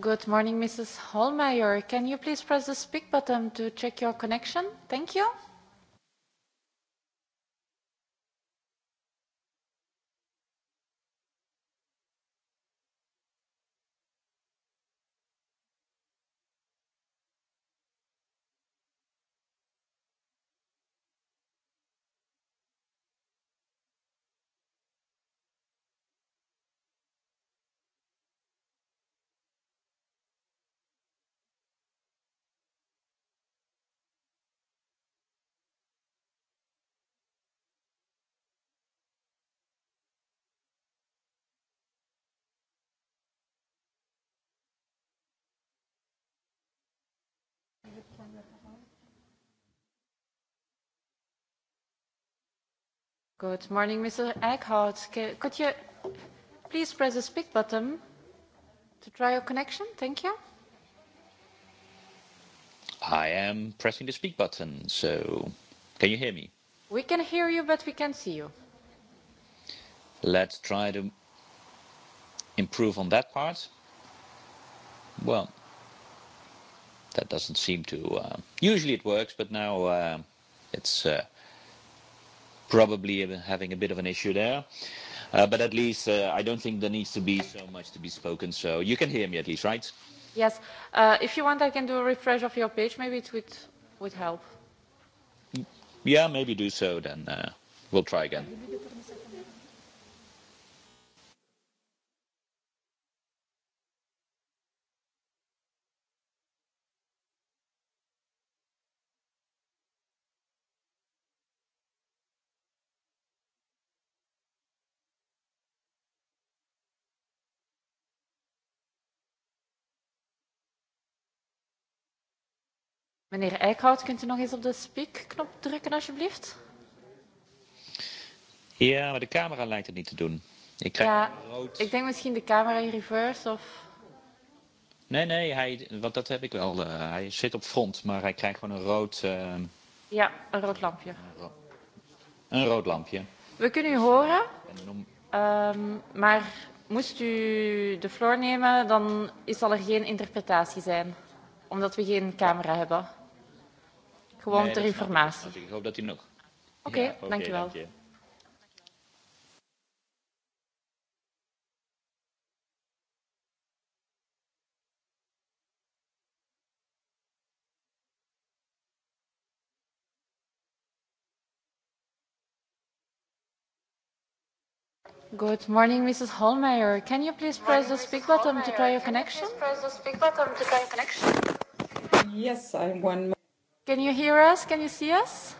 Good morning, Mrs. Holmeyer. Can you please press the speak button to check your connection? Thank you. Good morning, Mr. Eickhout. Could you please press the speak button to try your connection? Thank you. I am pressing the speak button, so can you hear me? We can hear you, but we can't see you. Let's try to improve on that part. Well, that doesn't seem to. Uh, usually it works, but now uh, it's. Uh, probably having a bit of an issue there. Uh, but at least uh, I don't think there needs to be so much to be spoken. So you can hear me at least, right? Yes. Uh, if you want, I can do a refresh of your page. Maybe it would, would help. Yeah, maybe do so then. Uh, we'll try again. Meneer Eickhout, kunt u nog eens op de speak-knop drukken, alsjeblieft? Ja, maar de camera lijkt het niet te doen. Ik krijg ja, rood. ik denk misschien de camera in reverse of... Nee, nee, hij, want dat heb ik wel. Uh, hij zit op front, maar hij krijgt gewoon een rood... Uh... Ja, een rood lampje. Een, ro een rood lampje. We kunnen u horen, um, maar moest u de floor nemen, dan zal er geen interpretatie zijn, omdat we geen camera hebben. Gewoon nee, ter informatie. Ik. hoop dat hij nog. Oké, okay, ja, okay, dankjewel. Dank Good morning, Mrs. Holmeyer. Can you please press the speak Mrs. button Hallmeyer. to try your connection? press the speak button to try your connection. Yes, I'm one. Can you hear us? Can you see us?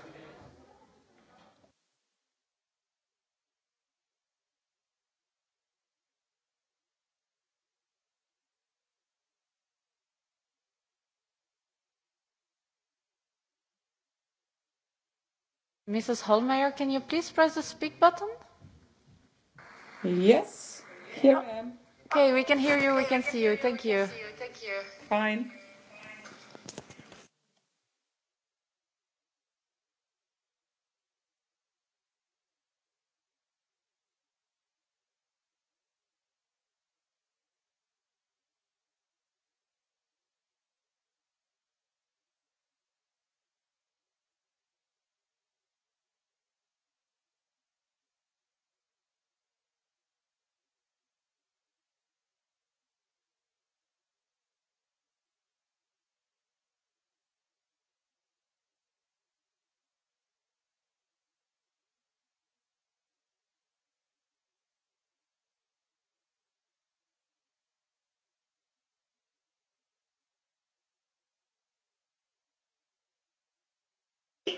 Mrs. Holmeyer, can you please press the speak button? Yes, here I am. Okay, we can hear you, we can see you. Thank you. Fine.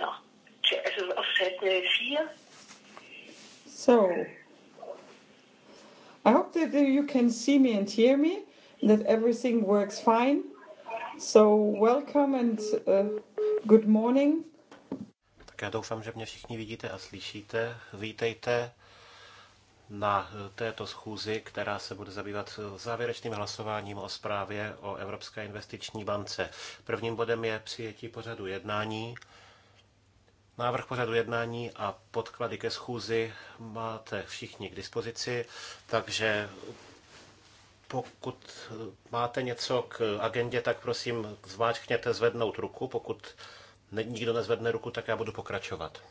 No, so, I hope that you can see me and hear me, that everything works fine. So, welcome and uh, good morning. Tak já doufám, že mě všichni vidíte a slyšíte. Vítejte na eh, této schůzi, která se bude zabývat eh, závěrečným hlasováním o zprávě o Evropské investiční bance. Prvním bodem je přijetí pořadu jednání. Návrh pořadu jednání a podklady ke schůzi máte všichni k dispozici, takže pokud máte něco k agendě, tak prosím zmáčkněte zvednout ruku. Pokud nikdo nezvedne ruku, tak já budu pokračovat.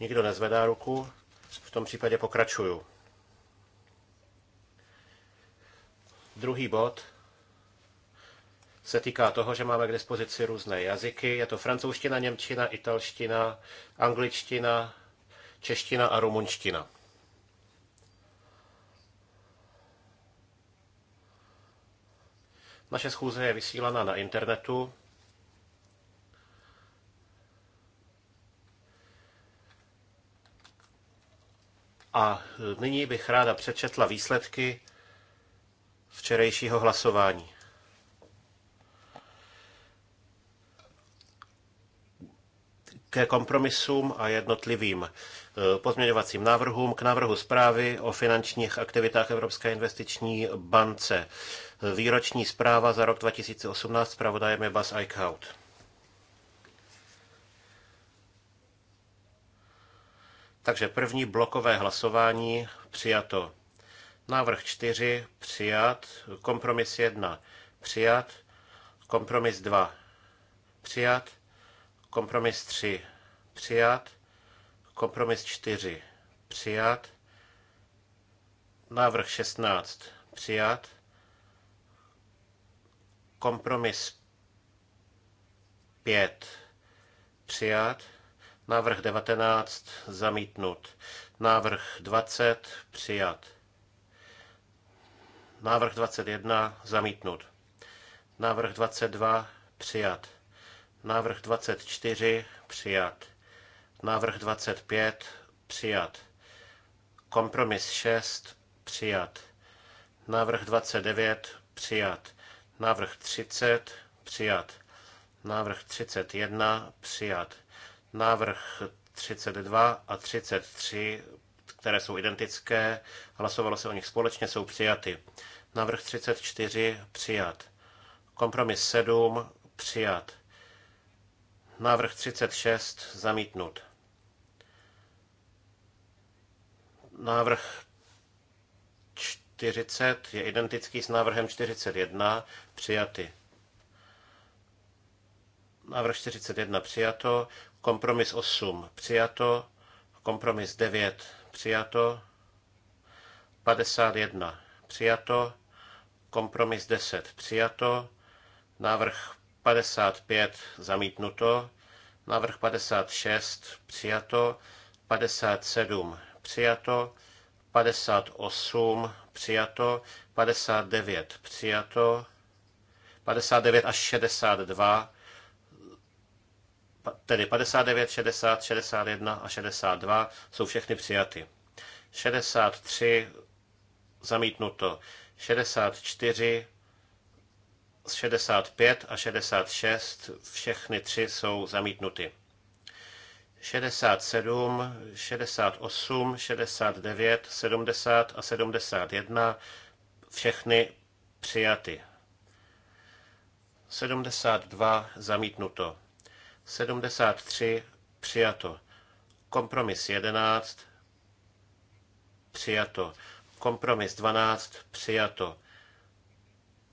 Nikdo nezvedá ruku, v tom případě pokračuju. Druhý bod se týká toho, že máme k dispozici různé jazyky. Je to francouzština, němčina, italština, angličtina, čeština a rumunština. Naše schůze je vysílána na internetu. A nyní bych ráda přečetla výsledky včerejšího hlasování. ke kompromisům a jednotlivým eh, pozměňovacím návrhům k návrhu zprávy o finančních aktivitách Evropské investiční bance. Eh, výroční zpráva za rok 2018 zpravodajem je Bas Eichhout. Takže první blokové hlasování přijato. Návrh 4 přijat, kompromis 1 přijat, kompromis 2 přijat, Kompromis 3 přijat. Kompromis 4 přijat. Návrh 16 přijat. Kompromis 5 přijat. Návrh 19 zamítnut. Návrh 20 přijat. Návrh 21 zamítnut. Návrh 22 přijat. Návrh 24 přijat. Návrh 25 přijat. Kompromis 6 přijat. Návrh 29 přijat. Návrh 30 přijat. Návrh 31 přijat. Návrh 32 a 33, které jsou identické, hlasovalo se o nich společně, jsou přijaty. Návrh 34 přijat. Kompromis 7 přijat. Návrh 36 zamítnut. Návrh 40 je identický s návrhem 41 přijaty. Návrh 41 přijato, kompromis 8 přijato, kompromis 9 přijato, 51 přijato, kompromis 10 přijato, návrh 55 zamítnuto, návrh 56 přijato, 57 přijato, 58 přijato, 59 přijato, 59 až 62, tedy 59, 60, 61 a 62 jsou všechny přijaty. 63 zamítnuto, 64 65 a 66, všechny tři jsou zamítnuty. 67, 68, 69, 70 a 71, všechny přijaty. 72 zamítnuto. 73 přijato. Kompromis 11 přijato. Kompromis 12 přijato.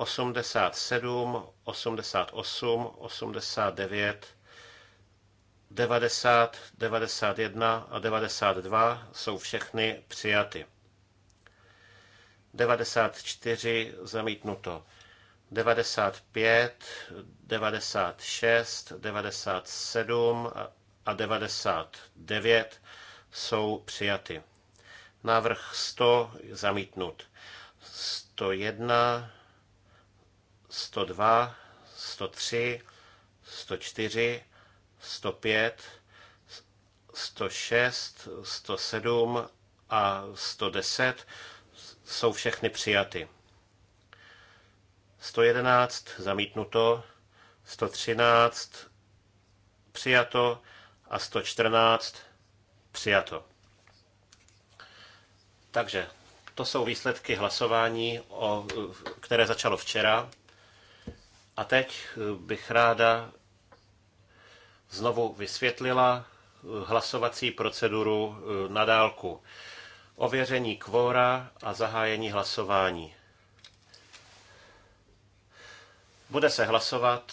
87, 88, 89, 90, 91 a 92 jsou všechny přijaty. 94 zamítnuto. 95, 96, 97 a 99 jsou přijaty. Návrh 100 zamítnut. 101, 102, 103, 104, 105, 106, 107 a 110 jsou všechny přijaty. 111 zamítnuto, 113 přijato a 114 přijato. Takže to jsou výsledky hlasování, o, které začalo včera. A teď eh, bych ráda znovu vysvětlila eh, hlasovací proceduru eh, na dálku. Ověření kvóra a zahájení hlasování. Bude se hlasovat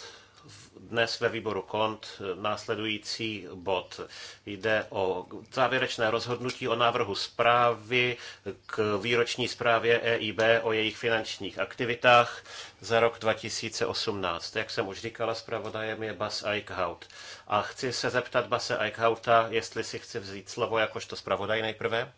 dnes ve výboru KONT eh, následující bod. Jde o závěrečné rozhodnutí o návrhu zprávy k výroční zprávě EIB o jejich finančních aktivitách za rok 2018. Jak jsem už říkala, zpravodajem je Bas Eichhout. A chci se zeptat Base Eichhouta, jestli si chce vzít slovo jakožto zpravodaj nejprve.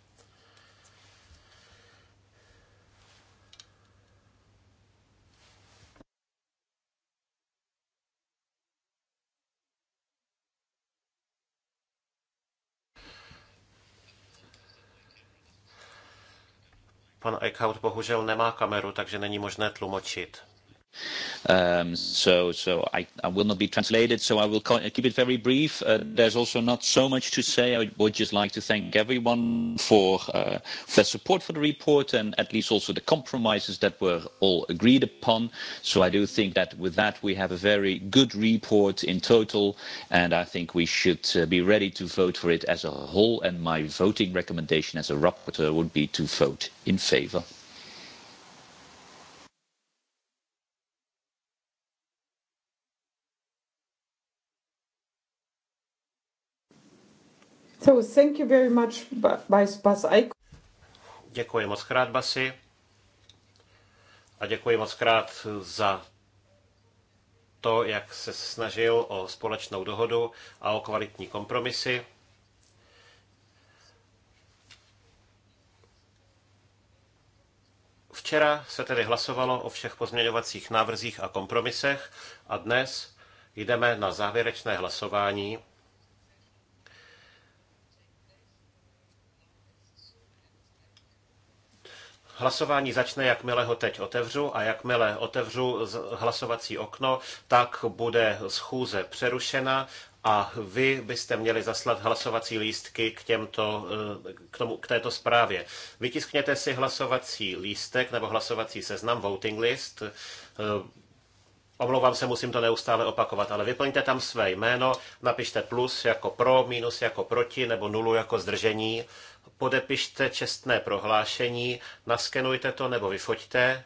Pan Eichhout bohužel nemá kameru, takže není možné tlumočit. Um, so so I, I will not be translated, so I will call, keep it very brief. Uh, there's also not so much to say. I would just like to thank everyone for, uh, their support for the report and at least also the compromises that were all agreed upon. So I do think that with that we have a very good report in total, and I think we should uh, be ready to vote for it as a whole, and my voting recommendation as a rapporteur would be to vote in favour. So thank you very much, Bas Aiko. Děkuji moc krát, Basi. A děkuji moc krát za to, jak se snažil o společnou dohodu a o kvalitní kompromisy. Včera se tedy hlasovalo o všech pozměňovacích návrzích a kompromisech a dnes jdeme na závěrečné hlasování Hlasování začne, jakmile ho teď otevřu a jakmile otevřu hlasovací okno, tak bude schůze přerušena a vy byste měli zaslat hlasovací lístky k, těmto, eh, k, tomu, k této zprávě. Vytiskněte si hlasovací lístek nebo hlasovací seznam, voting list, eh, Omlouvám se, musím to neustále opakovat, ale vyplňte tam své jméno, napište plus jako pro, minus jako proti nebo nulu jako zdržení, podepište čestné prohlášení, naskenujte to nebo vyfoťte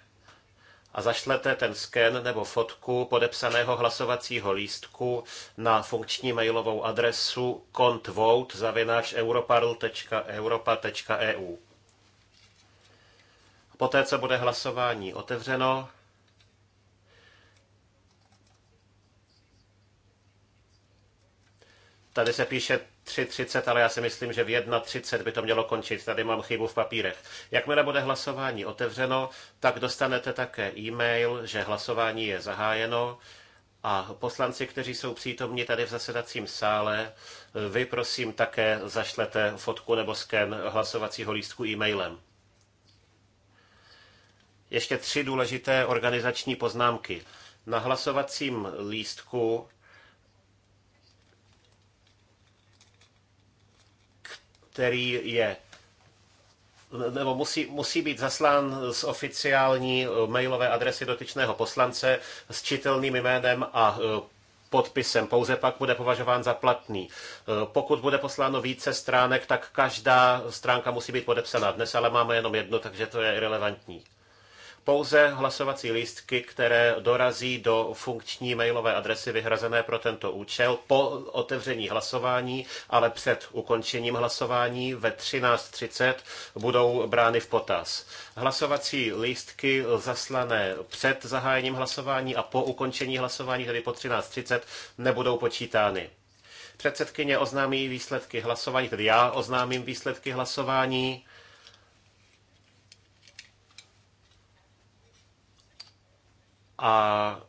a zašlete ten sken nebo fotku podepsaného hlasovacího lístku na funkční mailovou adresu kontvote.europarl.europa.eu. Poté, co bude hlasování otevřeno, Tady se píše 3.30, ale já si myslím, že v 1.30 by to mělo končit. Tady mám chybu v papírech. Jakmile bude hlasování otevřeno, tak dostanete také e-mail, že hlasování je zahájeno. A poslanci, kteří jsou přítomní tady v zasedacím sále, vy prosím také zašlete fotku nebo sken hlasovacího lístku e-mailem. Ještě tři důležité organizační poznámky. Na hlasovacím lístku který je nebo musí, musí být zaslán z oficiální eh, mailové adresy dotyčného poslance s čitelným jménem a eh, podpisem. Pouze pak bude považován za platný. Eh, pokud bude posláno více stránek, tak každá stránka musí být podepsaná. Dnes ale máme jenom jednu, takže to je irrelevantní pouze hlasovací lístky, které dorazí do funkční mailové adresy vyhrazené pro tento účel po otevření hlasování, ale před ukončením hlasování ve 13.30 budou brány v potaz. Hlasovací lístky zaslané před zahájením hlasování a po ukončení hlasování, tedy po 13.30, nebudou počítány. Předsedkyně oznámí výsledky hlasování, tedy já oznámím výsledky hlasování A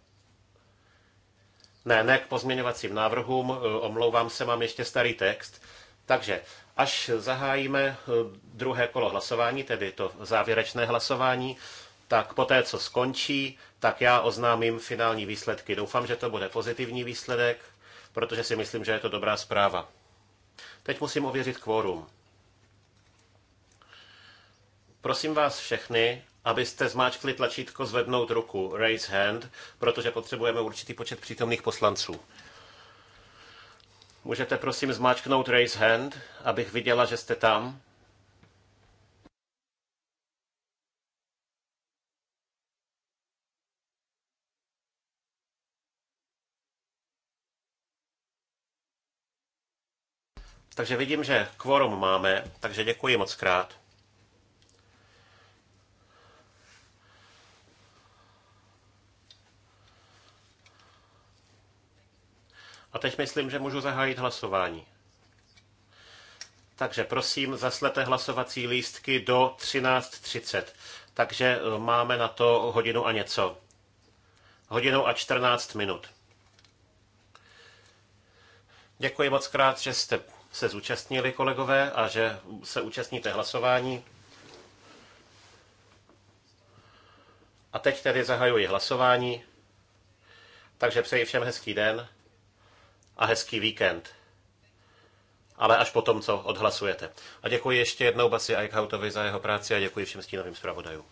ne, ne k pozměňovacím návrhům, e, omlouvám se, mám ještě starý text. Takže až zahájíme e, druhé kolo hlasování, tedy to závěrečné hlasování, tak poté, co skončí, tak já oznámím finální výsledky. Doufám, že to bude pozitivní výsledek, protože si myslím, že je to dobrá zpráva. Teď musím ověřit kvórum. Prosím vás všechny, abyste zmáčkli tlačítko zvednout ruku, raise hand, protože potřebujeme určitý počet přítomných poslanců. Můžete prosím zmáčknout raise hand, abych viděla, že jste tam. Takže vidím, že kvorum máme, takže děkuji moc krát. A teď myslím, že můžu zahájit hlasování. Takže prosím, zaslete hlasovací lístky do 13.30. Takže e, máme na to hodinu a něco. Hodinu a 14 minut. Děkuji moc krát, že jste se zúčastnili, kolegové, a že se účastníte hlasování. A teď tedy zahajuji hlasování. Takže přeji všem hezký den a hezký víkend. Ale až potom, co odhlasujete. A děkuji ještě jednou Basi Eichhoutovi za jeho práci a děkuji všem stínovým zpravodajům.